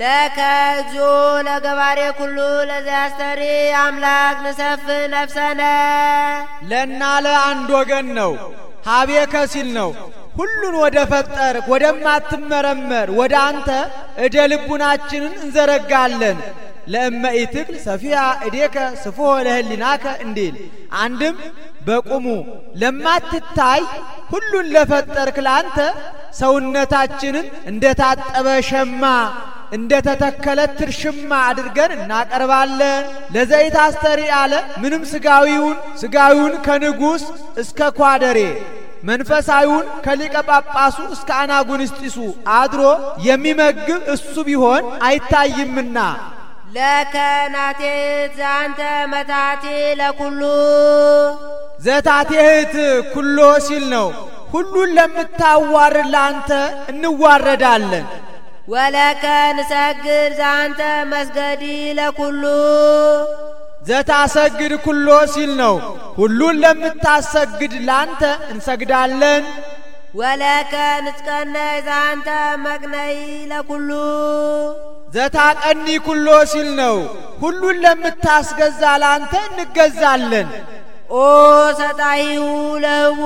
ለከ እግዚኦ ለገባሬ ኩሉ ለዘያስተሪ አምላክ ንሰፍ ነፍሰነ ለና ለአንድ ወገን ነው። ሀቤ ከሲል ነው። ሁሉን ወደ ፈጠር ወደማትመረመር ወደ አንተ እደ ልቡናችንን እንዘረጋለን። ለእመኢትክል ሰፊያ እዴከ ስፉሆ ለህሊናከ እንዲል አንድም በቁሙ ለማትታይ ሁሉን ለፈጠርክ ለአንተ ሰውነታችንን እንደ ታጠበ ሸማ እንደ ተተከለ ትርሽማ አድርገን እናቀርባለን። ለዘይት አስተሪ አለ ምንም ስጋዊውን ስጋዊውን ከንጉሥ እስከ ኳደሬ መንፈሳዊውን ከሊቀ ጳጳሱ እስከ አናጉንስጢሱ አድሮ የሚመግብ እሱ ቢሆን አይታይምና ለከናቴት ዛንተ መታቴ ለኩሉ ዘታቴት ኩሎ ሲል ነው። ሁሉን ለምታዋርድ ለአንተ እንዋረዳለን። ወለከ ንሰግድ ዛንተ መስገዲ ለኩሉ ዘታሰግድ ኩሎ ሲል ነው። ሁሉን ለምታሰግድ ላንተ እንሰግዳለን። ወለከ ንጽቀነይ ዛንተ መቅነይ ለኩሉ ዘታቀኒ ኩሎ ሲል ነው። ሁሉን ለምታስገዛ ላንተ እንገዛለን። ኦ ሰጣሂው ለህቡ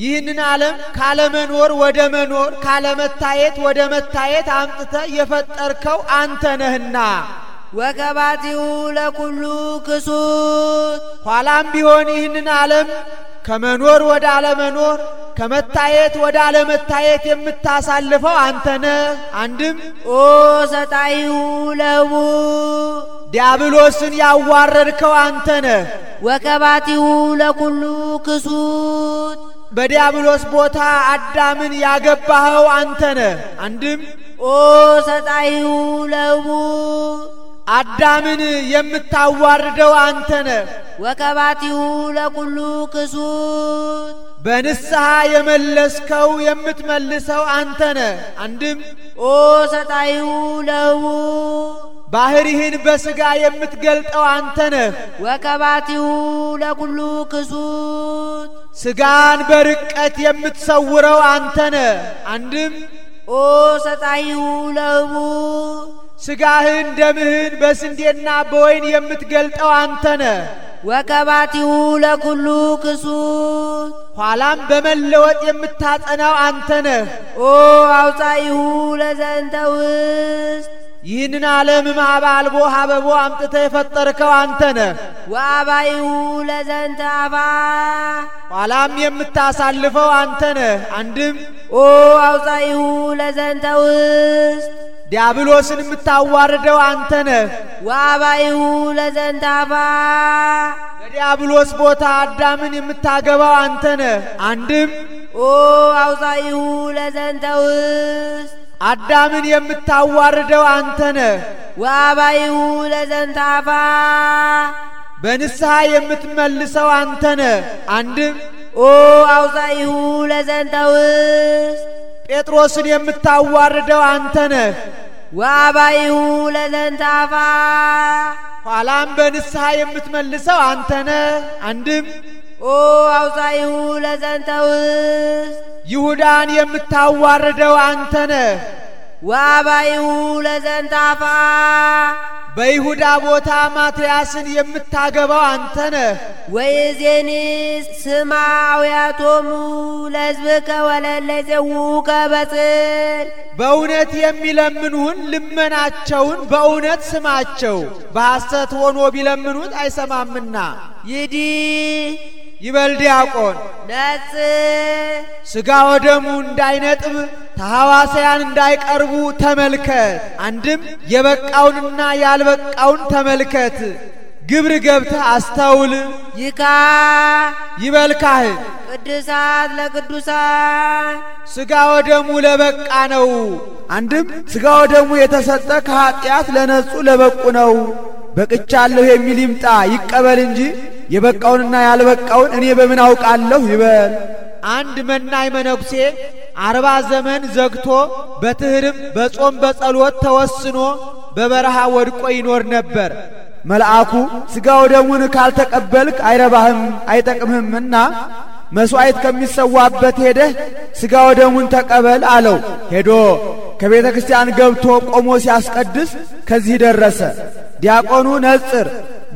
ይህንን ዓለም ካለመኖር ወደ መኖር ካለመታየት ወደ መታየት አምጥተ የፈጠርከው አንተ ነህና ወከባቲሁ ለኩሉ ክሱት ኋላም ቢሆን ይህንን ዓለም ከመኖር ወደ አለመኖር ከመታየት ወደ አለመታየት የምታሳልፈው አንተ ነህ። አንድም ኦ ሰጣይሁ ለሙ ዲያብሎስን ያዋረድከው አንተ ነህ። ወከባቲሁ ለኩሉ ክሱት በዲያብሎስ ቦታ አዳምን ያገባኸው አንተ ነህ። አንድም ኦ ሰጣይሁ ለቡ አዳምን የምታዋርደው አንተ ነህ። ወከባቲሁ ለኩሉ ክሱት በንስሐ የመለስከው የምትመልሰው አንተ ነህ። አንድም ኦ ሰጣይሁ ለቡ ባህሪህን በስጋ የምትገልጠው አንተ ነህ። ወቀባቲሁ ለኩሉ ክሱት ስጋን በርቀት የምትሰውረው አንተ ነህ። አንድም ኦ ሰጣይሁ ለህቡ ስጋህን ደምህን በስንዴና በወይን የምትገልጠው አንተ ነህ። ወቀባቲሁ ለኩሉ ክሱት ኋላም በመለወጥ የምታጸናው አንተ ነህ። ኦ አውፃይሁ ለዘንተ ውስጥ ይህንን ዓለም ማዕበ አልቦ ሀበቦ አምጥተ የፈጠርከው አንተ ነህ። ወአባይሁ ለዘንተ አባ ኋላም የምታሳልፈው አንተ ነህ። አንድም ኦ አውፃይሁ ለዘንተ ውስጥ ዲያብሎስን የምታዋርደው አንተ ነህ። ወአባይሁ ለዘንተ አባ በዲያብሎስ ቦታ አዳምን የምታገባው አንተ ነህ። አንድም ኦ አውፃይሁ ለዘንተ ውስጥ አዳምን የምታዋርደው አንተ ነህ። ወአባይሁ ለዘንተ አፋ በንስሐ የምትመልሰው አንተ ነህ። አንድም ኦ አውዛይሁ ለዘንተ ውስጥ ጴጥሮስን የምታዋርደው አንተ ነህ። ወአባይሁ ለዘንተ አፋ ኋላም በንስሐ የምትመልሰው አንተ ነህ። አንድም ኦ አውፃይሁ ለዘንተ ውስጥ ይሁዳን የምታዋርደው አንተ ነህ። ወአባይሁ ለዘንተ አፋ በይሁዳ ቦታ ማትያስን የምታገባው አንተ ነህ። ወይዜኒ ስማ አውያቶሙ ለሕዝብከ ወለለ ይጼውከ በእውነት የሚለምኑህን ልመናቸውን በእውነት ስማቸው፣ በሐሰት ሆኖ ቢለምኑት አይሰማምና ይዲ ይበል ዲያቆን ነጽ ስጋ ወደሙ እንዳይነጥብ ተሐዋሳያን እንዳይቀርቡ ተመልከት። አንድም የበቃውንና ያልበቃውን ተመልከት። ግብር ገብተህ አስተውል። ይካ ይበል ካህን ቅዱሳት ለቅዱሳን ስጋ ወደሙ ለበቃ ነው። አንድም ስጋ ወደሙ የተሰጠ ከኀጢአት ለነጹ ለበቁ ነው። በቅቻለሁ የሚል ይምጣ ይቀበል እንጂ የበቃውንና ያልበቃውን እኔ በምን አውቃለሁ ይበል። አንድ መናይ መነኩሴ አርባ ዘመን ዘግቶ በትህርም በጾም በጸሎት ተወስኖ በበረሃ ወድቆ ይኖር ነበር። መልአኩ ሥጋው ደሙን ካልተቀበልክ አይረባህም አይጠቅምህምና መሥዋዕት ከሚሰዋበት ሄደህ ሥጋው ደሙን ተቀበል አለው። ሄዶ ከቤተ ክርስቲያን ገብቶ ቆሞ ሲያስቀድስ ከዚህ ደረሰ። ዲያቆኑ ነጽር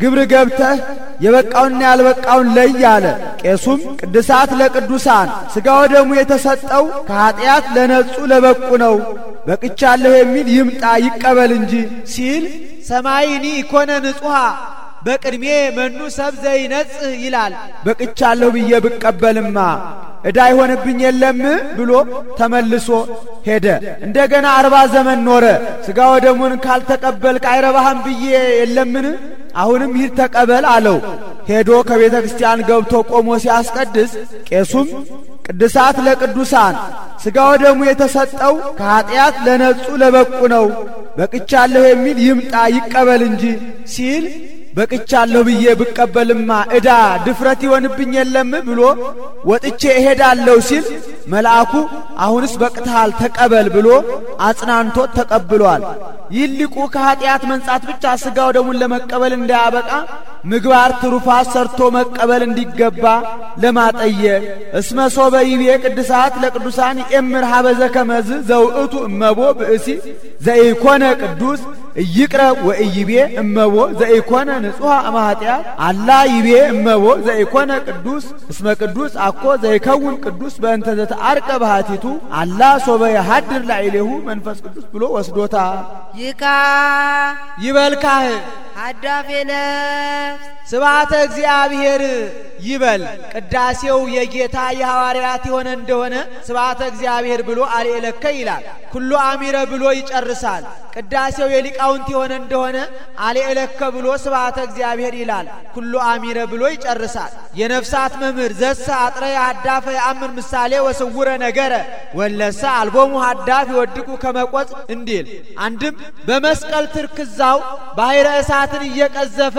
ግብር ገብተህ የበቃውንና ያልበቃውን ለይ አለ። ቄሱም ቅድሳት ለቅዱሳን ሥጋ ወደሙ የተሰጠው ከኀጢአት ለነጹ ለበቁ ነው በቅቻለሁ የሚል ይምጣ ይቀበል እንጂ ሲል ሰማይኒ ኢኮነ ንጹሐ በቅድሜ መኑ ሰብዘ ይነጽህ ይላል። በቅቻለሁ ብዬ ብቀበልማ እዳ ይሆንብኝ የለም ብሎ ተመልሶ ሄደ። እንደገና አርባ ዘመን ኖረ። ሥጋ ወደሙን ካልተቀበልክ አይረባህም ብዬ የለምን? አሁንም ሂድ ተቀበል አለው። ሄዶ ከቤተ ክርስቲያን ገብቶ ቆሞ ሲያስቀድስ ቄሱም ቅድሳት ለቅዱሳን ሥጋ ወደሙ የተሰጠው ከኀጢአት ለነጹ ለበቁ ነው፣ በቅቻለሁ የሚል ይምጣ ይቀበል እንጂ ሲል በቅቻለሁ ብዬ ብቀበልማ ዕዳ ድፍረት ይሆንብኝ የለም ብሎ ወጥቼ እሄዳለሁ ሲል መልአኩ አሁንስ በቅትሃል ተቀበል ብሎ አጽናንቶ ተቀብሏል። ይልቁ ሊቁ ከኀጢአት መንጻት ብቻ ሥጋው ደሙን ለመቀበል እንዳያበቃ ምግባር ትሩፋት ሰርቶ መቀበል እንዲገባ ለማጠየቅ እስመ ሶበ ይቤ ቅዱሳት ለቅዱሳን የምር ሀበዘ ከመዝ ዘውእቱ እመቦ ብእሲ ዘይኮነ ቅዱስ እይቅረብ ወእይቤ እመቦ ዘኢኮነ ንጹሐ እማኃጢያ አላ ይቤ እመቦ ዘኢኮነ ቅዱስ እስመ ቅዱስ አኮ ዘይከውን ቅዱስ በእንተ ዘተአርቀ ባህቲቱ አላ ሶበ የሃድር ላዕሌሁ መንፈስ ቅዱስ ብሎ ወስዶታ ይካ ይበልካህ አዳፌ ነፍስ ስብሐተ እግዚአብሔር ይበል። ቅዳሴው የጌታ የሐዋርያት የሆነ እንደሆነ ስብሐተ እግዚአብሔር ብሎ አልኤለከ ይላል። ኩሉ አሚረ ብሎ ይጨርሳል። ቅዳሴው የሊቃውንት የሆነ እንደሆነ አልኤለከ ብሎ ስብሐተ እግዚአብሔር ይላል። ኩሉ አሚረ ብሎ ይጨርሳል። የነፍሳት መምህር ዘሰ አጥረ አዳፈ የአምን ምሳሌ ወስውረ ነገረ ወለሰ አልቦሙ አዳፍ ይወድቁ ከመቆጽ እንዲል አንድም በመስቀል ትርክዛው ባሕረ እሳት ነፍሳትን እየቀዘፈ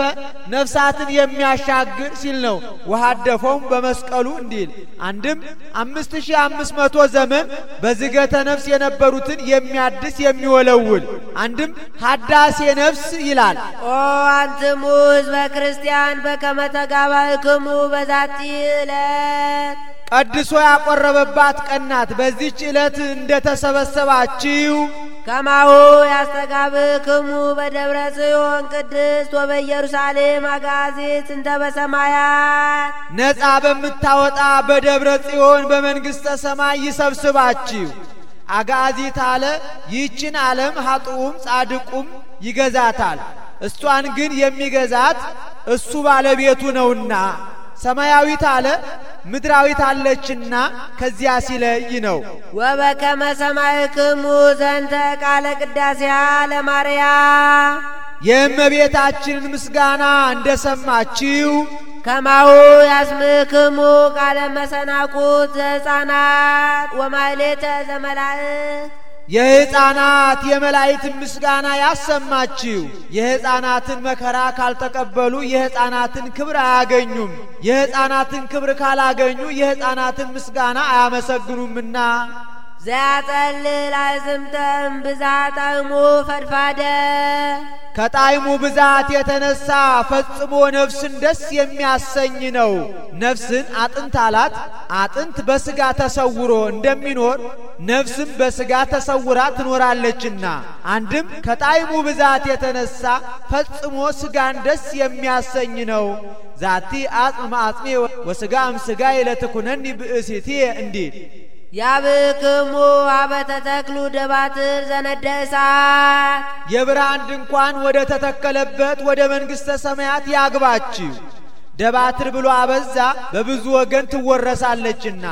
ነፍሳትን የሚያሻግር ሲል ነው። ወሀደፈውም በመስቀሉ እንዲል አንድም አምስት ሺህ አምስት መቶ ዘመን በዝገተ ነፍስ የነበሩትን የሚያድስ የሚወለውል፣ አንድም ሀዳሴ ነፍስ ይላል። ኦ አንትሙ ህዝበ ክርስቲያን በከመ በዛቲ ዕለት ቀድሶ ያቆረበባት ቀናት በዚች ዕለት እንደተሰበሰባችው ከማሁ ያስተጋብክሙ በደብረ ጽዮን ቅድስት ወበኢየሩሳሌም አጋዚት እንተ በሰማያት ነጻ በምታወጣ በደብረ ጽዮን በመንግሥተ ሰማይ ይሰብስባችሁ። አጋዚት አለ ይህችን ዓለም ሀጡም ጻድቁም ይገዛታል። እሷን ግን የሚገዛት እሱ ባለቤቱ ነውና ሰማያዊት አለ ምድራዊት አለችና ከዚያ ሲለይ ነው። ወበከመ ሰማዕክሙ ዘንተ ቃለ ቅዳሴያ ለማርያም የእመቤታችንን ምስጋና ሰማችው ከማሁ ያስምክሙ ቃለ መሰናቁት ዘሕፃናት ወማሕሌተ ዘመላእክት የሕፃናት የመላእክትን ምስጋና ያሰማችው። የሕፃናትን መከራ ካልተቀበሉ የሕፃናትን ክብር አያገኙም። የሕፃናትን ክብር ካላገኙ የሕፃናትን ምስጋና አያመሰግኑምና ዘያጠልል አዝምተም ብዛት ጣዕሙ ፈድፋደ ከጣዕሙ ብዛት የተነሳ ፈጽሞ ነፍስን ደስ የሚያሰኝ ነው። ነፍስን አጥንት አላት። አጥንት በስጋ ተሰውሮ እንደሚኖር ነፍስም በስጋ ተሰውራ ትኖራለችና አንድም ከጣዕሙ ብዛት የተነሳ ፈጽሞ ስጋን ደስ የሚያሰኝ ነው። ዛቲ አጽም አጽሜ ወስጋም ስጋ ይለትኩነኒ ብእሲቴ እንዲል ያብክሙ አበተተክሉ ደባትር ዘነደ እሳት የብርሃን ድንኳን ወደ ተተከለበት ወደ መንግሥተ ሰማያት ያግባችው! ደባትር ብሎ አበዛ፣ በብዙ ወገን ትወረሳለችና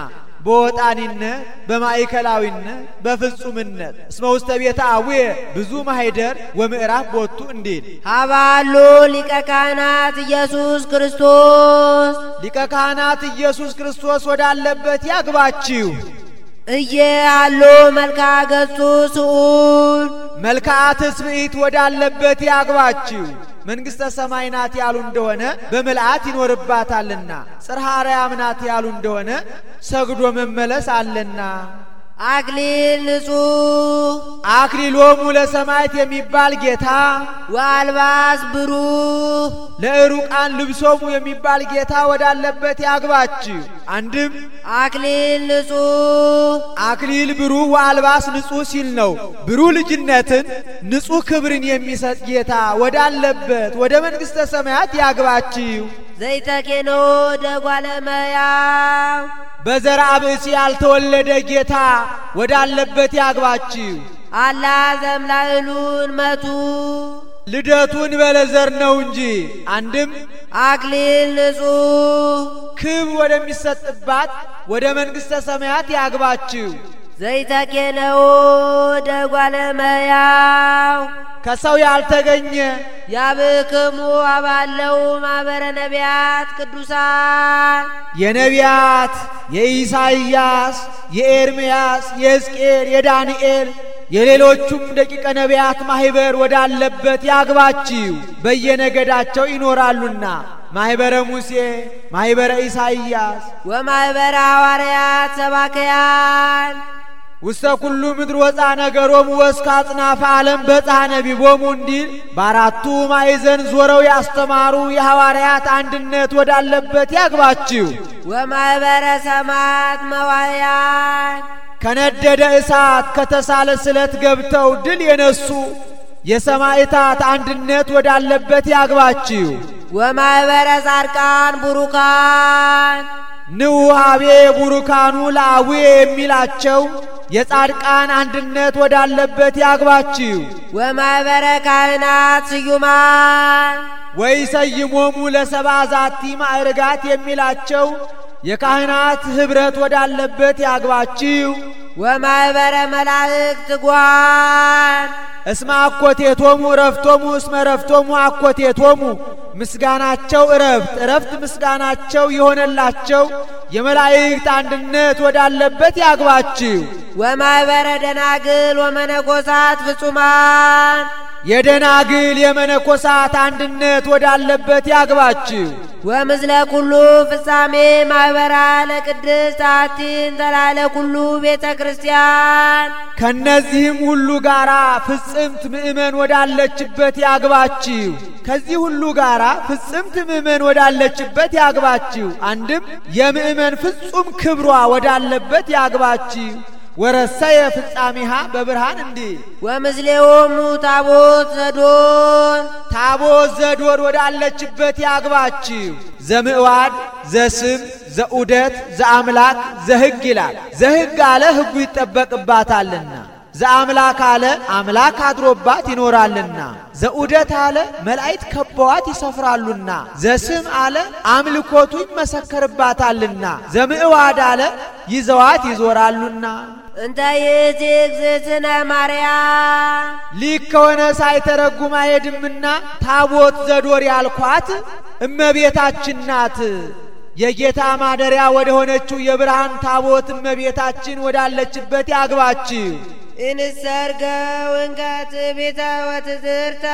በወጣኒነት በማዕከላዊነት በፍጹምነት እስመ ውስተ ቤተ አቡየ ብዙ ማኅደር ወምዕራፍ ቦቱ እንዲል ሀባሉ ሊቀ ካህናት ኢየሱስ ክርስቶስ ሊቀ ካህናት ኢየሱስ ክርስቶስ ወዳለበት ያግባችው። እየ አሎ መልካ ገጹ ስዑል መልክዓ ትስብእት ወዳለበት ያግባችሁ መንግሥተ ሰማይ ናት ያሉ እንደሆነ በምልአት ይኖርባታልና፣ ጽርሐ አርያም ናት ያሉ እንደሆነ ሰግዶ መመለስ አለና አክሊል ንጹሕ አክሊሎሙ የሚባል ጌታ ወአልባስ ብሩህ ለእሩቃን ልብሶሙ የሚባል ጌታ ወዳለበት ያግባች። አንድም አክሊል ንጹሕ አክሊል ብሩህ ወአልባስ ንጹሕ ሲል ነው። ብሩህ ልጅነትን ንጹሕ ክብርን የሚሰጥ ጌታ ወዳለበት ወደ መንግሥተ ሰማያት ያግባችሁ። ዘይተኬኖ ደጓለመያ በዘር አብእሲ ያልተወለደ ጌታ ወዳለበት ያግባችሁ። አላ ዘምላእሉን መቱ ልደቱን በለዘር ነው እንጂ አንድም አክሊል ንጹሕ ክብ ወደሚሰጥባት ወደ መንግሥተ ሰማያት ያግባችሁ። ዘይተኬነው ደጓለመያው ከሰው ያልተገኘ ያብክሙ አባለው ማህበረ ነቢያት ቅዱሳን የነቢያት የኢሳይያስ፣ የኤርምያስ፣ የሕዝቅኤል፣ የዳንኤል የሌሎቹም ደቂቀ ነቢያት ማህበር ወዳለበት ያግባችሁ በየነገዳቸው ይኖራሉና ማህበረ ሙሴ፣ ማህበረ ኢሳይያስ ወማኅበረ ሐዋርያት ሰባከያን ውስተ ኩሉ ምድር ወፃ ነገሮሙ ወስከ አጽናፈ ዓለም በፃ ነቢቦሙ እንዲል በአራቱ ማዕዘን ዞረው ያስተማሩ የሐዋርያት አንድነት ወዳለበት ያግባችሁ። ወማኅበረ ሰማዕት መዋዕያን ከነደደ እሳት ከተሳለ ስለት ገብተው ድል የነሱ የሰማዕታት አንድነት ወዳለበት ያግባችሁ። ወማኅበረ ጻድቃን ቡሩካን ንውሃቤ ቡሩካኑ ለአቡዬ የሚላቸው የጻድቃን አንድነት ወዳለበት ያግባችሁ። ወማኅበረ ካህናት ስዩማን ወይሰይሞሙ ለሰባ ዛቲ ማዕርጋት የሚላቸው የካህናት ኅብረት ወዳለበት ያግባችሁ። ወማኅበረ መላእክት ጓን እስመ አኮቴቶሙ እረፍቶሙ እስመ እረፍቶሙ አኮቴቶሙ ምስጋናቸው እረፍት እረፍት ምስጋናቸው የሆነላቸው የመላእክት አንድነት ወዳለበት ያግባችሁ ወማኅበረ ደናግል ወመነኮሳት ፍጹማን የደናግል የመነኮሳት አንድነት ወዳለበት ያግባችሁ። ወምስለ ኩሉ ፍጻሜ ማኅበራ ለቅድስት አቲን ተላለ ኩሉ ቤተ ክርስቲያን ከእነዚህም ሁሉ ጋራ ፍጽምት ምእመን ወዳለችበት ያግባችሁ። ከዚህ ሁሉ ጋራ ፍጽምት ምእመን ወዳለችበት ያግባችሁ። አንድም የምእመን ፍጹም ክብሯ ወዳለበት ያግባችሁ። ወረሰየ ፍጻሜሃ በብርሃን እንዲ ወምዝሌዎሙ ታቦት ዘዶር ታቦት ዘዶር ወዳለችበት ያግባችሁ። ዘምዕዋድ ዘስም ዘዑደት ዘአምላክ ዘሕግ ይላል። ዘሕግ አለ ሕጉ ይጠበቅባታልና ዘአምላክ አለ አምላክ አድሮባት ይኖራልና ዘዑደት አለ መላእክት ከበዋት ይሰፍራሉና ዘስም አለ አምልኮቱ ይመሰከርባታልና ዘምዕዋድ አለ ይዘዋት ይዞራሉና እንተ ይእቲ እግዝእትነ ማርያም ሊክ ከሆነ ሳይተረጉም አይሄድምና ታቦት ዘዶር ያልኳት እመቤታችን ናት። የጌታ ማደሪያ ወደ ሆነችው የብርሃን ታቦት እመቤታችን ወዳለችበት ያግባችሁ። እንሰርገው እንጋት ቤታ ወትዝርታ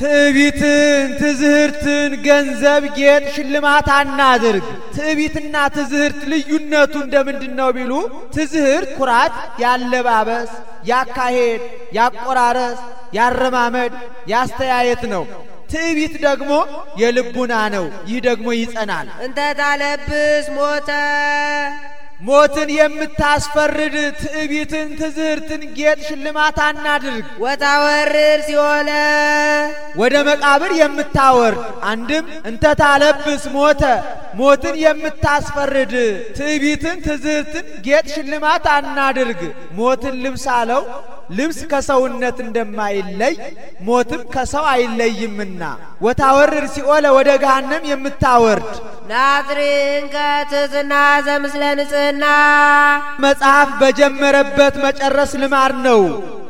ትዕቢትን ትዝህርትን ገንዘብ ጌጥ ሽልማት አናድርግ። ትዕቢትና ትዝህርት ልዩነቱ እንደምንድን ነው ቢሉ ትዝህርት ኩራት ያለባበስ፣ ያካሄድ፣ ያቆራረስ፣ ያረማመድ፣ ያስተያየት ነው። ትዕቢት ደግሞ የልቡና ነው። ይህ ደግሞ ይጸናል። እንተ ታለብስ ሞተ ሞትን የምታስፈርድ ትዕቢትን፣ ትዝርትን ጌጥ ሽልማት አናድርግ። ወታወርድ ሲኦለ ወደ መቃብር የምታወርድ አንድም እንተ ታለብስ ሞተ ሞትን የምታስፈርድ ትዕቢትን፣ ትዝርትን ጌጥ ሽልማት አናድርግ። ሞትን ልብስ አለው ልብስ ከሰውነት እንደማይለይ ሞትም ከሰው አይለይምና ወታወርድ ሲኦለ ወደ ገሃነም የምታወርድ ናዝሪን ትሕትና ዘምስለ ንጽሕና መጽሐፍ በጀመረበት መጨረስ ልማድ ነው።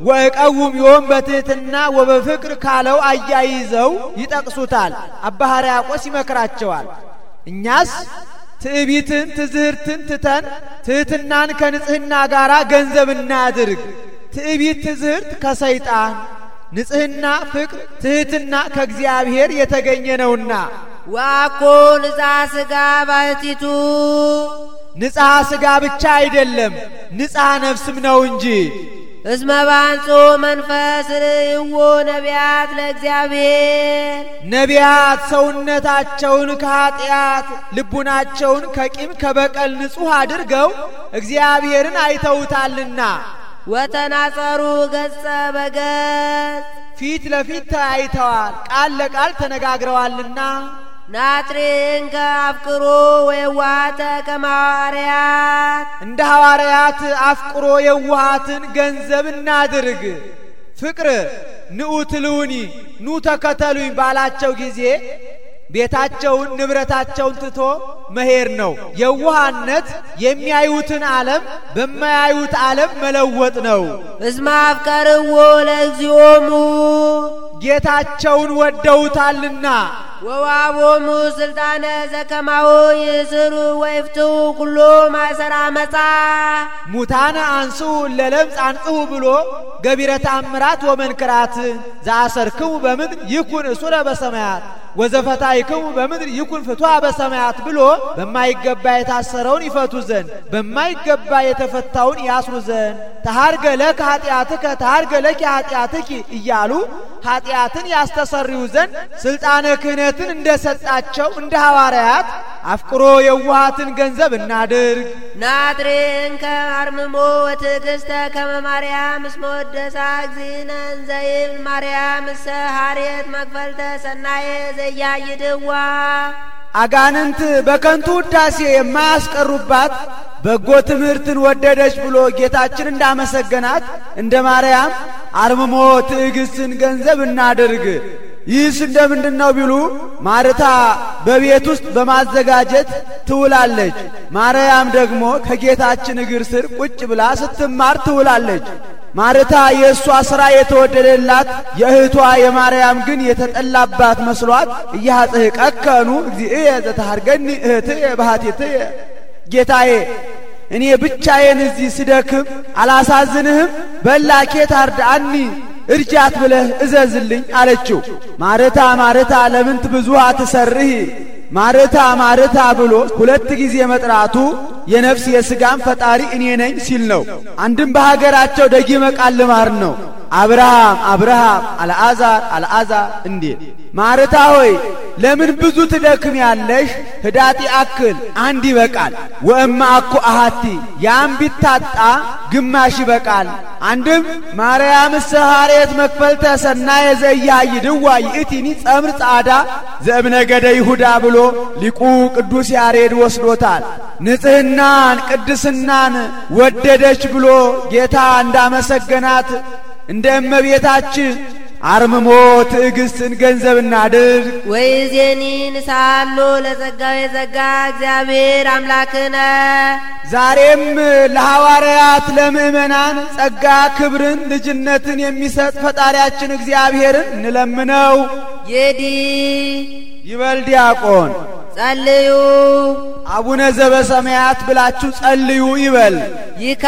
ወእቀውም ዮም በትሕትና ወበፍቅር ካለው አያይዘው ይጠቅሱታል። አባ ሕርያቆስ ይመክራቸዋል። እኛስ ትዕቢትን፣ ትዝህርትን ትተን ትሕትናን ከንጽህና ጋር ገንዘብ እናድርግ። ትዕቢት ትዝህርት ከሰይጣን ንጽህና ፍቅር ትህትና ከእግዚአብሔር የተገኘ ነውና ዋኮ ንጻ ሥጋ ባልቲቱ ንጻ ሥጋ ብቻ አይደለም ንጻ ነፍስም ነው እንጂ እስመ መንፈስ ርእይዎ ነቢያት ለእግዚአብሔር ነቢያት ሰውነታቸውን ከኀጢአት ልቡናቸውን ከቂም ከበቀል ንጹሕ አድርገው እግዚአብሔርን አይተውታልና ወተናጸሩ ገጸ በገጽ ፊት ለፊት ተያይተዋል፣ ቃል ለቃል ተነጋግረዋልና ናትሬንከ አፍቅሮ ወየዋሃተ ከማዋርያት እንደ ሐዋርያት አፍቅሮ የዋሃትን ገንዘብ እናድርግ። ፍቅር ንዑ ትልውኒ ኑ ተከተሉኝ ባላቸው ጊዜ ቤታቸውን ንብረታቸውን ትቶ መሄድ ነው። የዋህነት የሚያዩትን ዓለም በማያዩት ዓለም መለወጥ ነው። እስመ አፍቀርዎ ለእግዚኦሙ ጌታቸውን ወደውታልና ወዋቦሙ ስልጣነ ዘከማው ይስሩ ወይፍቱ ኩሎ ማሰራ መጻ ሙታነ አንሱ ለለምጽ አንጽሁ ብሎ ገቢረ ተአምራት ወመንክራት ዘአሰርክሙ በምድር ይኩን እሱረ በሰማያት ወዘፈታይክሙ በምድር ይኩን ፍትዋ በሰማያት ብሎ በማይገባ የታሰረውን ይፈቱ ዘንድ በማይገባ የተፈታውን ያስሩ ዘንድ ተሃርገ ለከ ኃጢአትከ ተሃርገ ለኪ ኃጢአትኪ እያሉ ኃጢአትን ያስተሰርዩ ዘንድ ስልጣነ ክህነትን እንደሰጣቸው እንደ ሐዋርያት አፍቅሮ የዋሃትን ገንዘብ እናድርግ። ናድሬን ከአርምሞ ወትዕግሥተ ከመማርያም ማርያም እስመ ወደሳ እግዚእነ እንዘ ማርያም እሰ ሐርየት መክፈልተ ሰናየ ዘያይድዋ አጋንንት በከንቱ ውዳሴ የማያስቀሩባት በጎ ትምህርትን ወደደች ብሎ ጌታችን እንዳመሰገናት እንደ ማርያም አርምሞ ትዕግስትን ገንዘብ እናድርግ። ይህስ እንደምንድን ነው ቢሉ ማርታ በቤት ውስጥ በማዘጋጀት ትውላለች፣ ማርያም ደግሞ ከጌታችን እግር ስር ቁጭ ብላ ስትማር ትውላለች። ማርታ የእሷ ሥራ የተወደደላት የእህቷ የማርያም ግን የተጠላባት መስሏት ቀከኑ እግዚእየ ዘተሃርገኒ እህት ባህቴት ጌታዬ እኔ ብቻዬን እዚህ ስደክም አላሳዝንህም? በላኬ ታርድአኒ እርጃት ብለህ እዘዝልኝ አለችው። ማረታ ማረታ ለምንት ብዙሃ ትሰርህ ማረታ ማረታ ብሎ ሁለት ጊዜ መጥራቱ የነፍስ የሥጋም ፈጣሪ እኔ ነኝ ሲል ነው። አንድም በሀገራቸው ደጊመ ቃል ልማር ነው። አብርሃም አብርሃም፣ አልአዛር አልአዛር እንዴ ማርታ ሆይ ለምን ብዙ ትደክም ያለሽ? ህዳት ያክል አንድ ይበቃል። ወእማ አኩ አሃቲ ያም ቢታጣ ግማሽ ይበቃል። አንድም ማርያም ሰሃሬት መክፈልተ ሰናየ ድዋ ይእቲኒ ጸምር ጻዳ ገደ ይሁዳ ብሎ ሊቁ ቅዱስ ያሬድ ወስዶታል። ንጽህናን ቅድስናን ወደደች ብሎ ጌታ እንዳመሰገናት እንደ እመቤታችን አርምሞ ትዕግስትን ገንዘብ እናድርግ። ወይዜኒ ንሳሎ ለጸጋው የጸጋ እግዚአብሔር አምላክነ ዛሬም ለሐዋርያት ለምእመናን ጸጋ ክብርን ልጅነትን የሚሰጥ ፈጣሪያችን እግዚአብሔርን እንለምነው። የዲ ይበል ዲያቆን ጸልዩ አቡነ ዘበሰማያት ብላችሁ ጸልዩ ይበል ይካ